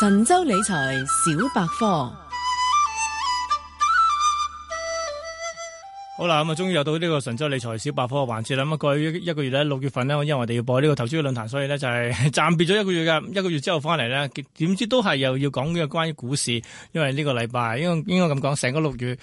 神州理財小百科，好啦咁啊，終於又到呢個神州理財小百科嘅環節啦。咁啊，過去一一個月咧，六月份呢，因為我哋要播呢個投資論壇，所以呢就係暫別咗一個月噶。一個月之後翻嚟呢，點知都係又要講呢個關於股市，因為呢個禮拜應該應該咁講，成個六月。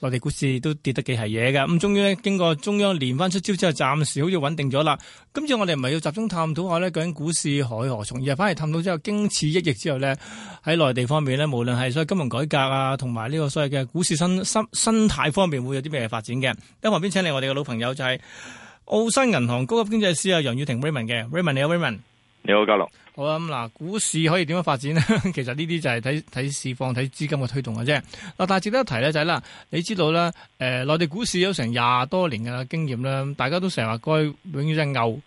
內地股市都跌得幾係嘢嘅，咁終於咧，經過中央連番出招之後，暫時好似穩定咗啦。今次我哋唔係要集中探討下呢，究竟股市何去何從，而係反而探討之後經此一役之後呢，喺內地方面呢，無論係所謂金融改革啊，同埋呢個所謂嘅股市新新生態方面會有啲咩發展嘅？喺旁邊請嚟，我哋嘅老朋友就係澳新銀行高級經濟師啊楊宇婷 Raymond 嘅 Raymond，你好 Raymond。Ray 你好，嘉樂。好啦，咁嗱，股市可以點樣發展咧？其實呢啲就係睇睇市況、睇資金嘅推動嘅啫。嗱，但係值得一提咧，就係、是、啦，你知道咧，誒、呃，內地股市有成廿多年嘅經驗啦，大家都成日話，過永遠就牛，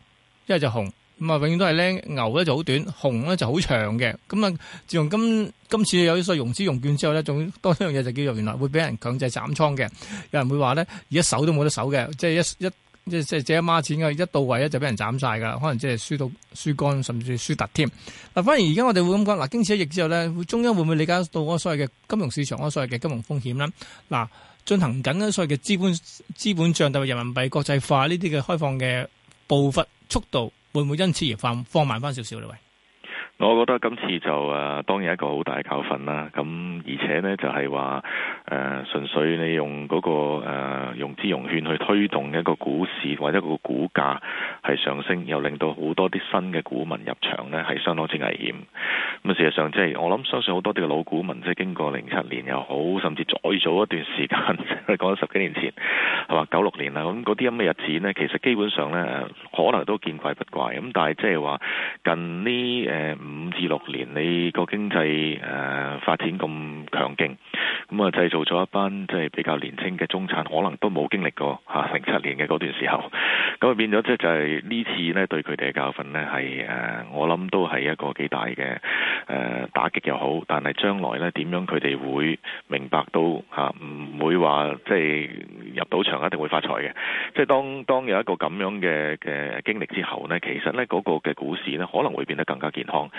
一係就熊，咁、嗯、啊，永遠都係咧，牛咧就好短，熊咧就好長嘅。咁、嗯、啊，自從今今次有啲咗融資融券之後咧，仲多一樣嘢就叫做，原來會俾人強制斬倉嘅。有人會話咧，而家手都冇得手嘅，即係一一。一即即借一孖錢噶，一到位咧就俾人斬晒噶，可能即係輸到輸乾，甚至輸突添。嗱，反而而家我哋會咁講，嗱，經此一役之後咧，中央會唔會理解到所謂嘅金融市場所謂嘅金融風險咧？嗱，進行緊所謂嘅資本資本賬同人民幣國際化呢啲嘅開放嘅步伐速度，會唔會因此而放放慢翻少少咧？喂？我覺得今次就誒、啊、當然一個好大嘅教訓啦。咁、啊、而且呢，就係話誒純粹你用嗰、那個誒融資融券去推動一個股市或者一個股價係上升，又令到好多啲新嘅股民入場呢，係相當之危險。咁、啊、事實上即係、就是、我諗相信好多啲嘅老股民即係經過零七年又好，甚至再早一段時間，即係講咗十幾年前係嘛九六年啦。咁嗰啲咁嘅日子呢，其實基本上呢，可能都見怪不怪。咁但係即係話近呢誒，呃呃呃呃呃五至六年，你個經濟誒、呃、發展咁強勁，咁、嗯、啊製造咗一班即係比較年青嘅中產，可能都冇經歷過嚇零七年嘅嗰段時候，咁、嗯、啊變咗即係就係、是、呢次呢對佢哋嘅教訓呢係誒、呃，我諗都係一個幾大嘅誒、呃、打擊又好，但係將來呢點樣佢哋會明白到嚇唔會話即係。入到場一定會發財嘅，即係當當有一個咁樣嘅嘅、呃、經歷之後呢，其實呢嗰、嗰個嘅股市咧可能會變得更加健康。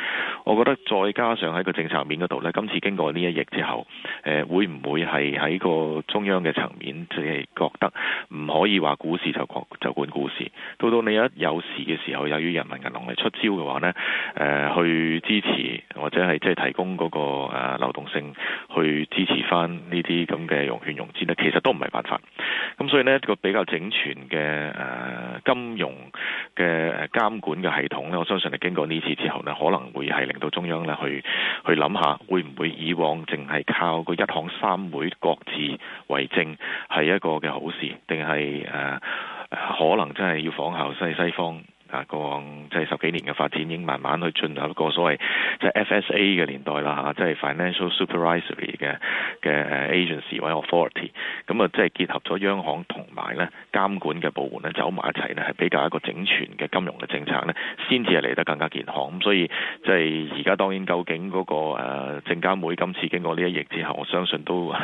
我覺得再加上喺個政策面嗰度呢，今次經過呢一役之後，誒、呃、會唔會係喺個中央嘅層面，即係覺得唔可以話股市就管就管股市，到到你一有事嘅時候，又要人民銀行嚟出招嘅話呢、呃，去支持或者係即係提供嗰、嗰個、啊、流動性去支持翻呢啲咁嘅融券融資呢，其實都唔係辦法。咁所以呢，一個比較整全嘅誒金融嘅監管嘅系統呢，我相信你經過呢次之後呢，可能會係令到中央呢去去諗下，會唔會以往淨係靠個一行三會各自為政係一個嘅好事，定係誒可能真係要仿效西西方？啊，過往即係十幾年嘅發展已經慢慢去進入一個所謂即係 FSA 嘅年代啦吓，即係 Financial Supervisory 嘅嘅 agency or authority。咁啊，即係、啊、結合咗央行同埋咧監管嘅部門咧走埋一齊呢，係比較一個整全嘅金融嘅政策呢先至係嚟得更加健康。咁、啊、所以即係而家當然究竟嗰、那個誒證、啊、監會今次經過呢一役之後，我相信都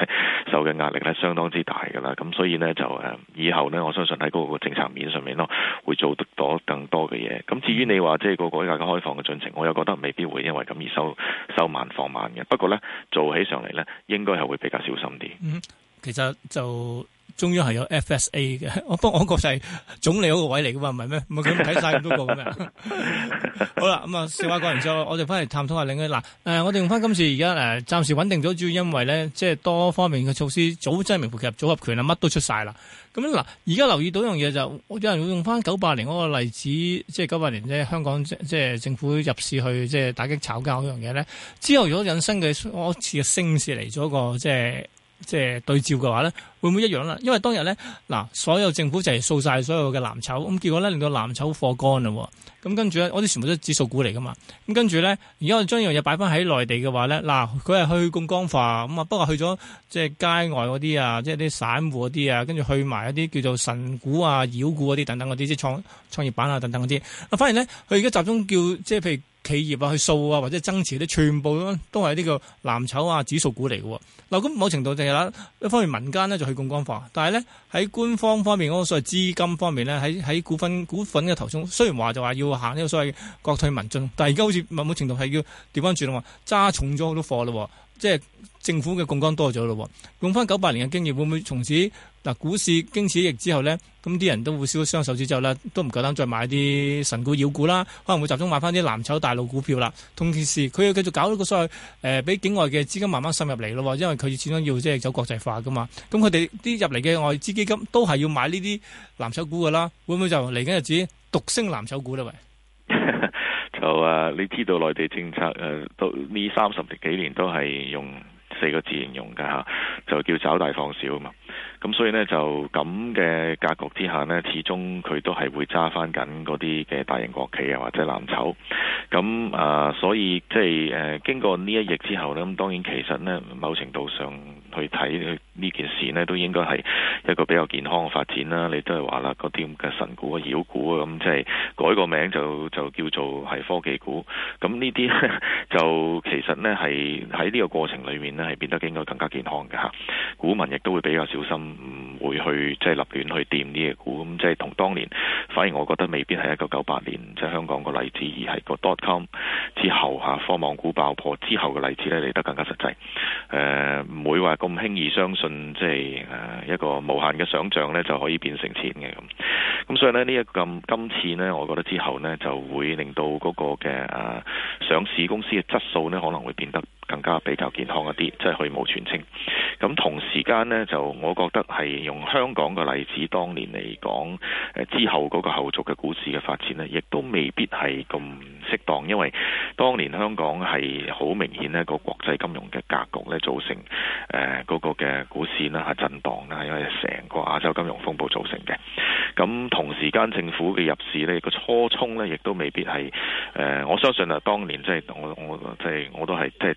受嘅壓力咧相當之大㗎啦。咁、啊、所以呢，就誒、啊、以後呢，我相信喺嗰個政策面上面咯，會做得到更多。多嘅嘢，咁，至於你話即係個改革開放嘅進程，我又覺得未必會因為咁而收收慢放慢嘅。不過咧，做起上嚟咧，應該係會比較小心啲。嗯，其實就。中央係有 FSA 嘅，我不過我覺就係總理嗰個位嚟噶嘛，唔係咩？唔係佢睇晒咁多個咩？ 好啦，咁啊笑下講完之後，我哋翻嚟探討下另外嗱，誒、呃，我哋用翻今次而家誒暫時穩定咗，主要因為咧，即係多方面嘅措施，組織名符其實組合拳啊，乜都出晒啦。咁嗱，而家留意到一樣嘢就是，有人用翻九八年嗰個例子，即係九八年即咧香港即係政府入市去即係打擊炒家嗰樣嘢咧，之後如果引申嘅嗰次嘅升勢嚟咗個即係。即係對照嘅話咧，會唔會一樣啦？因為當日咧，嗱，所有政府就係掃晒所有嘅藍籌，咁結果咧令到藍籌貨乾啦。咁、嗯、跟住咧，我哋全部都係指數股嚟噶嘛。咁、嗯、跟住咧，如果我哋將呢樣嘢擺翻喺內地嘅話咧，嗱，佢係去槓桿化咁啊，不過去咗即係街外嗰啲啊，即係啲散戶嗰啲啊，跟住去埋一啲叫做神股啊、妖股嗰啲等等嗰啲，即係創創業板啊等等嗰啲。啊，反而咧佢而家集中叫即係譬如。企業啊，去掃啊，或者增持啲，全部都都係呢個藍籌啊，指數股嚟嘅。嗱，咁某程度就係啦，一方面民間咧就去槓桿化，但係咧喺官方方面嗰個所謂資金方面咧，喺喺股份股份嘅頭中，雖然話就話要行呢個所謂國退民進，但係而家好似某程度係要調翻轉咯，揸重咗好多貨咯。即係政府嘅槓桿多咗咯喎，用翻九八年嘅經驗，會唔會從此嗱、啊、股市經此一役之後呢，咁啲人都會少咗雙手指之後呢，都唔夠膽再買啲神股妖股啦，可能會集中買翻啲藍籌大陸股票啦。同時，佢又繼續搞到個所謂誒，俾、呃、境外嘅資金慢慢滲入嚟咯喎，因為佢始終要即係走國際化噶嘛。咁佢哋啲入嚟嘅外資基金都係要買呢啲藍籌股噶啦，會唔會就嚟緊日子獨升藍籌股喂？ 就誒、啊，你知道內地政策誒，都呢三十幾年都係用四個字形容㗎嚇、啊，就叫找大放小嘛。咁、啊、所以呢，就咁嘅格局之下呢，始終佢都係會揸翻緊嗰啲嘅大型國企啊或者藍籌。咁啊，所以即係誒經過呢一役之後呢，咁、啊、當然其實呢某程度上。去睇呢件事呢，都應該係一個比較健康嘅發展啦。你都係話啦，個啲咁嘅神股啊、妖股啊，咁即係改個名就就叫做係科技股。咁呢啲就其實呢係喺呢個過程裏面呢係變得應該更加健康嘅吓，股民亦都會比較小心，唔會去即係立亂去掂呢啲股。咁即係同當年，反而我覺得未必係一九九八年即係、就是、香港個例子，而係個 dotcom 之後吓、啊、科網股爆破之後嘅例子呢嚟得更加實際。誒唔、呃、會話。咁輕易相信即係誒一個無限嘅想象咧，就可以變成錢嘅咁。咁所以咧呢一個咁今次咧，我覺得之後咧就會令到嗰個嘅誒、啊、上市公司嘅質素咧，可能會變得更加比較健康一啲，即係去蕪存菁。咁同時間呢，就我覺得係用香港嘅例子，當年嚟講，之後嗰個後續嘅股市嘅發展呢，亦都未必係咁適當，因為當年香港係好明顯呢個國際金融嘅格局呢，造成誒嗰個嘅股市呢係震盪啦，因為成個亞洲金融風暴造成嘅。咁同時間政府嘅入市呢個初衷呢，亦都未必係誒，我相信啊，當年即係我我即係我都係即係。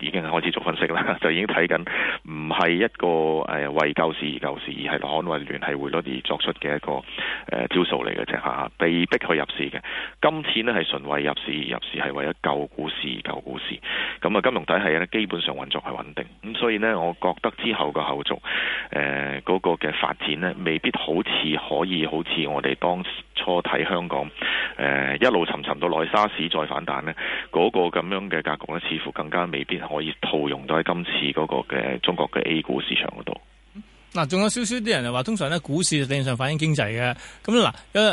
已經開始做分析啦，就已經睇緊，唔係一個誒、呃、為救市而救市，而係為聯繫匯率而作出嘅一個誒、呃、招數嚟嘅啫嚇，被逼去入市嘅，今次呢係純為入市而入市，係為咗救股市而救股市。咁、嗯、啊，金融體系呢基本上運作係穩定，咁、嗯、所以呢，我覺得之後嘅後續誒嗰、呃那個嘅發展呢，未必好似可以好似我哋當初睇香港誒、呃、一路沉沉到內沙士再反彈呢嗰、那個咁樣嘅格局呢，似乎更加未必。可以套用到喺今次嗰個嘅中國嘅 A 股市場嗰度。嗱，仲有少少啲人就話，通常咧股市就正常反映經濟嘅。咁嗱，因為誒喺、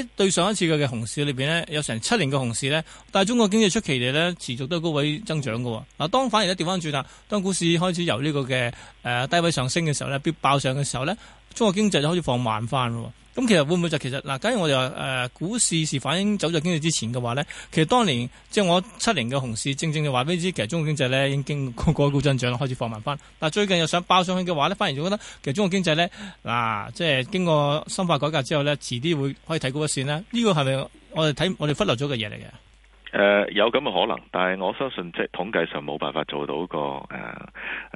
呃、對上一次嘅嘅熊市裏邊咧，有成七年嘅熊市咧，但係中國經濟出奇地咧持續都係高位增長嘅。嗱，當反而咧調翻轉啦，當股市開始由呢、這個嘅誒、呃、低位上升嘅時候咧，必爆上嘅時候咧，中國經濟就開始放慢翻咯。咁其實會唔會就其實嗱，假如我哋話誒股市是反映走在經濟之前嘅話咧，其實當年即係、就是、我七年嘅熊市，正正就話俾你知其實中國經濟咧已經經過高增長開始放慢翻。但最近又想爆上去嘅話咧，反而仲覺得其實中國經濟咧嗱，即、啊、係、就是、經過深化改革之後咧，遲啲會可以睇高一線啦。呢、這個係咪我哋睇我哋忽略咗嘅嘢嚟嘅？誒、呃，有咁嘅可能，但係我相信即係統計上冇辦法做到個誒誒、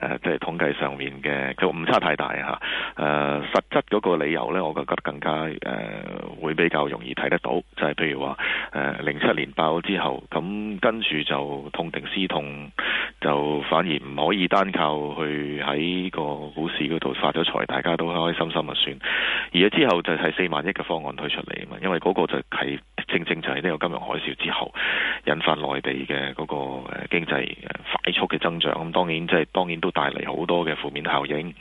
呃，即係統計上面嘅就誤差太大吓。誒、啊，實質嗰個理由咧，我就覺得更加誒、呃、會比較容易睇得到。就係、是、譬如話，誒零七年爆咗之後，咁跟住就痛定思痛，就反而唔可以單靠去喺個股市嗰度發咗財，大家都開開心心就算。而之後就係四萬億嘅方案推出嚟，啊嘛，因為嗰個就係、是。正正就係呢個金融海嘯之後，引發內地嘅嗰個誒經濟快速嘅增長。咁當然即係當然都帶嚟好多嘅負面效應，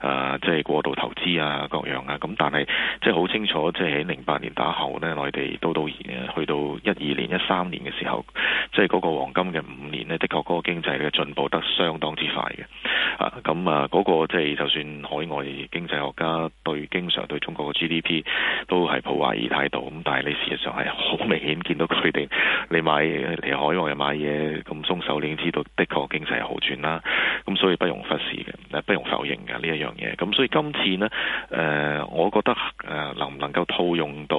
誒即係過度投資啊，各樣啊。咁但係即係好清楚，即係喺零八年打後咧，內地到到去到一二年、一三年嘅時候，即係嗰個黃金嘅五年呢，的確嗰個經濟嘅進步得相當之快嘅。咁啊，嗰、那個即、就、係、是、就算海外經濟學家對經常對中國嘅 GDP 都係抱懷疑態度，咁但係你事實上係好明顯見到佢哋，你買嚟海外又買嘢咁鬆手，你已經知道的確經濟係好轉啦，咁、啊、所以不容忽視嘅，不容否認嘅呢一樣嘢。咁、啊、所以今次呢，誒、呃、我覺得誒能唔能夠套用到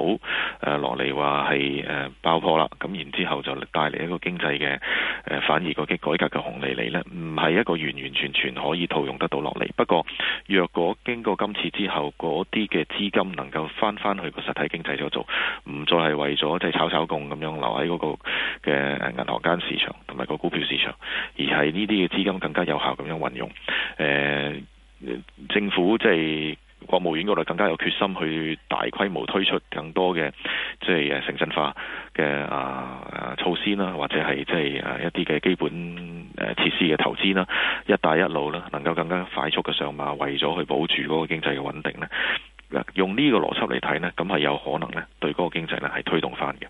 誒羅尼話係誒爆破啦，咁、啊啊啊、然之後就帶嚟一個經濟嘅誒反而嗰改革嘅紅利嚟咧，唔係一個完完全全可以套用得到落嚟。不過，若果經過今次之後，嗰啲嘅資金能夠翻翻去個實體經濟所做，唔再係為咗即係炒炒共咁樣留喺嗰個嘅誒銀行間市場同埋個股票市場，而係呢啲嘅資金更加有效咁樣運用。呃，政府即係。國務院嗰度更加有決心去大規模推出更多嘅即係誒城鎮化嘅啊、呃、措施啦，或者係即係誒、啊、一啲嘅基本誒設施嘅投資啦，一帶一路啦，能夠更加快速嘅上馬，為咗去保住嗰個經濟嘅穩定咧，用呢個邏輯嚟睇呢，咁係有可能呢對嗰個經濟呢係推動翻嘅。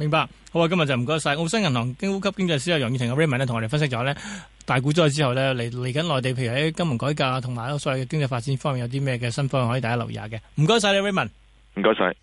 明白，好啊！今日就唔該晒澳新銀行經級經濟師啊楊宇霆嘅 Raymond 咧，同我哋分析咗，咧大股災之後咧嚟嚟緊內地，譬如喺金融改革啊，同埋咯，所謂嘅經濟發展方面有啲咩嘅新方向可以大家留意下嘅。唔該晒你 Raymond，唔該晒。